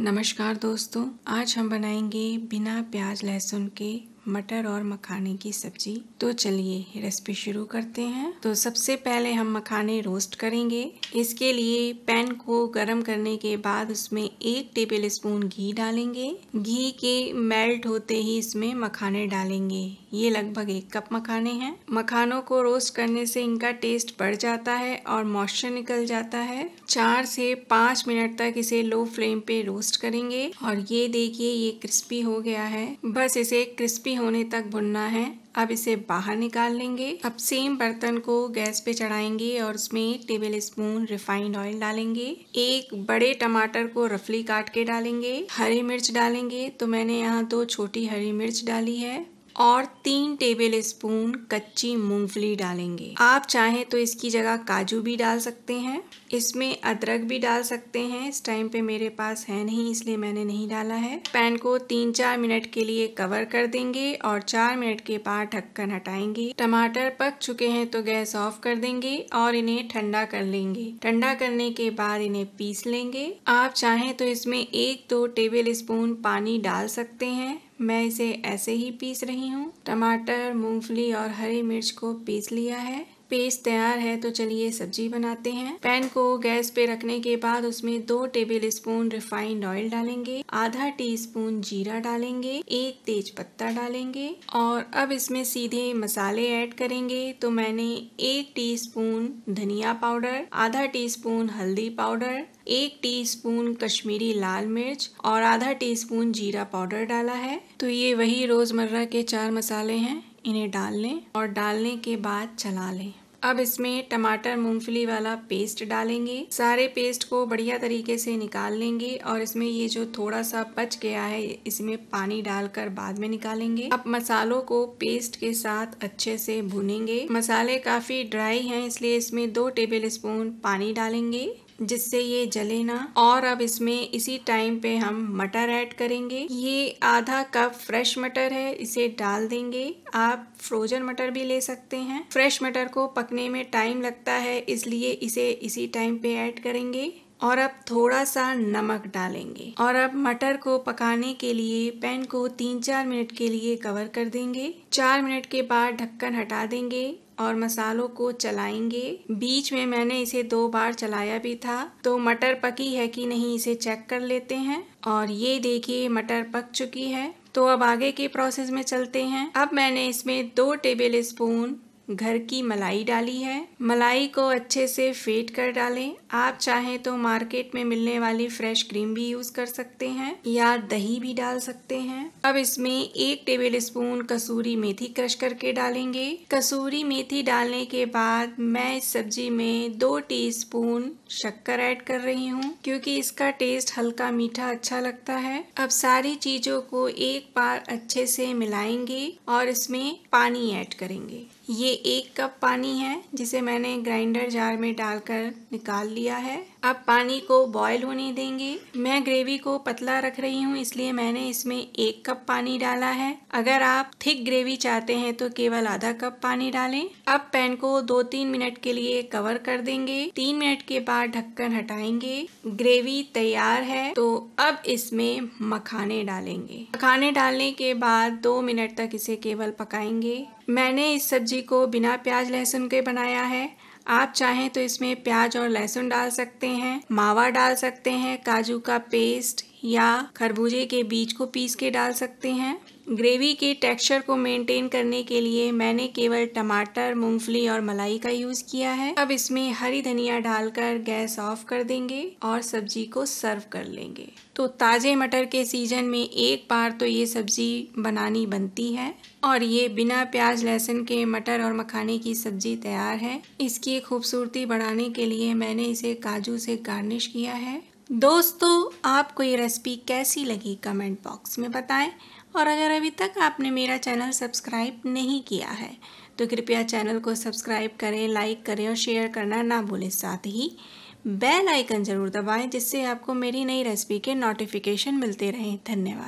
नमस्कार दोस्तों आज हम बनाएंगे बिना प्याज लहसुन के मटर और मखाने की सब्जी तो चलिए रेसिपी शुरू करते हैं तो सबसे पहले हम मखाने रोस्ट करेंगे इसके लिए पैन को गर्म करने के बाद उसमें एक टेबल स्पून घी डालेंगे घी के मेल्ट होते ही इसमें मखाने डालेंगे ये लगभग एक कप मखाने हैं मखानों को रोस्ट करने से इनका टेस्ट बढ़ जाता है और मॉइस्चर निकल जाता है चार से पाँच मिनट तक इसे लो फ्लेम पे रोस्ट करेंगे और ये देखिए ये क्रिस्पी हो गया है बस इसे क्रिस्पी होने तक भुनना है अब इसे बाहर निकाल लेंगे अब सेम बर्तन को गैस पे चढ़ाएंगे और उसमें टेबल स्पून रिफाइंड ऑयल डालेंगे एक बड़े टमाटर को रफली काट के डालेंगे हरी मिर्च डालेंगे तो मैंने यहाँ दो छोटी हरी मिर्च डाली है और तीन टेबल स्पून कच्ची मूंगफली डालेंगे आप चाहें तो इसकी जगह काजू भी डाल सकते हैं इसमें अदरक भी डाल सकते हैं इस टाइम पे मेरे पास है नहीं इसलिए मैंने नहीं डाला है पैन को तीन चार मिनट के लिए कवर कर देंगे और चार मिनट के बाद ढक्कन हटाएंगे टमाटर पक चुके हैं तो गैस ऑफ कर देंगे और इन्हें ठंडा कर लेंगे ठंडा करने के बाद इन्हें पीस लेंगे आप चाहें तो इसमें एक दो टेबल स्पून पानी डाल सकते हैं मैं इसे ऐसे ही पीस रही हूँ टमाटर मूंगफली और हरी मिर्च को पीस लिया है पेस्ट तैयार है तो चलिए सब्जी बनाते हैं पैन को गैस पे रखने के बाद उसमें दो टेबल स्पून रिफाइंड ऑयल डालेंगे आधा टी स्पून जीरा डालेंगे एक तेज पत्ता डालेंगे और अब इसमें सीधे मसाले ऐड करेंगे तो मैंने एक टीस्पून धनिया पाउडर आधा टीस्पून हल्दी पाउडर एक टीस्पून कश्मीरी लाल मिर्च और आधा टीस्पून जीरा पाउडर डाला है तो ये वही रोज़मर्रा के चार मसाले हैं इन्हें डाल लें और डालने के बाद चला लें अब इसमें टमाटर मूंगफली वाला पेस्ट डालेंगे सारे पेस्ट को बढ़िया तरीके से निकाल लेंगे और इसमें ये जो थोड़ा सा बच गया है इसमें पानी डालकर बाद में निकालेंगे अब मसालों को पेस्ट के साथ अच्छे से भुनेंगे मसाले काफ़ी ड्राई हैं इसलिए इसमें दो टेबल स्पून पानी डालेंगे जिससे ये जले ना और अब इसमें इसी टाइम पे हम मटर ऐड करेंगे ये आधा कप फ्रेश मटर है इसे डाल देंगे आप फ्रोजन मटर भी ले सकते हैं फ्रेश मटर को पकने में टाइम लगता है इसलिए इसे इसी टाइम पे ऐड करेंगे और अब थोड़ा सा नमक डालेंगे और अब मटर को पकाने के लिए पैन को तीन चार मिनट के लिए कवर कर देंगे चार मिनट के बाद ढक्कन हटा देंगे और मसालों को चलाएंगे बीच में मैंने इसे दो बार चलाया भी था तो मटर पकी है कि नहीं इसे चेक कर लेते हैं और ये देखिए मटर पक चुकी है तो अब आगे के प्रोसेस में चलते हैं अब मैंने इसमें दो टेबल स्पून घर की मलाई डाली है मलाई को अच्छे से फेट कर डालें आप चाहें तो मार्केट में मिलने वाली फ्रेश क्रीम भी यूज कर सकते हैं या दही भी डाल सकते हैं अब इसमें एक टेबल स्पून कसूरी मेथी क्रश करके डालेंगे कसूरी मेथी डालने के बाद मैं इस सब्जी में दो टीस्पून शक्कर ऐड कर रही हूँ क्योंकि इसका टेस्ट हल्का मीठा अच्छा लगता है अब सारी चीजों को एक बार अच्छे से मिलाएंगे और इसमें पानी ऐड करेंगे ये एक कप पानी है जिसे मैंने ग्राइंडर जार में डालकर निकाल लिया है अब पानी को बॉयल होने देंगे मैं ग्रेवी को पतला रख रही हूँ इसलिए मैंने इसमें एक कप पानी डाला है अगर आप थिक ग्रेवी चाहते हैं तो केवल आधा कप पानी डालें अब पैन को दो तीन मिनट के लिए कवर कर देंगे तीन मिनट के बाद ढक्कन हटाएंगे ग्रेवी तैयार है तो अब इसमें मखाने डालेंगे मखाने डालने के बाद दो मिनट तक इसे केवल पकाएंगे मैंने इस सब्जी को बिना प्याज लहसुन के बनाया है आप चाहें तो इसमें प्याज और लहसुन डाल सकते हैं मावा डाल सकते हैं काजू का पेस्ट या खरबूजे के बीज को पीस के डाल सकते हैं ग्रेवी के टेक्सचर को मेंटेन करने के लिए मैंने केवल टमाटर मूंगफली और मलाई का यूज़ किया है अब इसमें हरी धनिया डालकर गैस ऑफ कर देंगे और सब्जी को सर्व कर लेंगे तो ताज़े मटर के सीजन में एक बार तो ये सब्ज़ी बनानी बनती है और ये बिना प्याज लहसुन के मटर और मखाने की सब्ज़ी तैयार है इसकी खूबसूरती बढ़ाने के लिए मैंने इसे काजू से गार्निश किया है दोस्तों आपको ये रेसिपी कैसी लगी कमेंट बॉक्स में बताएं और अगर अभी तक आपने मेरा चैनल सब्सक्राइब नहीं किया है तो कृपया चैनल को सब्सक्राइब करें लाइक करें और शेयर करना ना भूलें साथ ही बेल आइकन ज़रूर दबाएं जिससे आपको मेरी नई रेसिपी के नोटिफिकेशन मिलते रहें धन्यवाद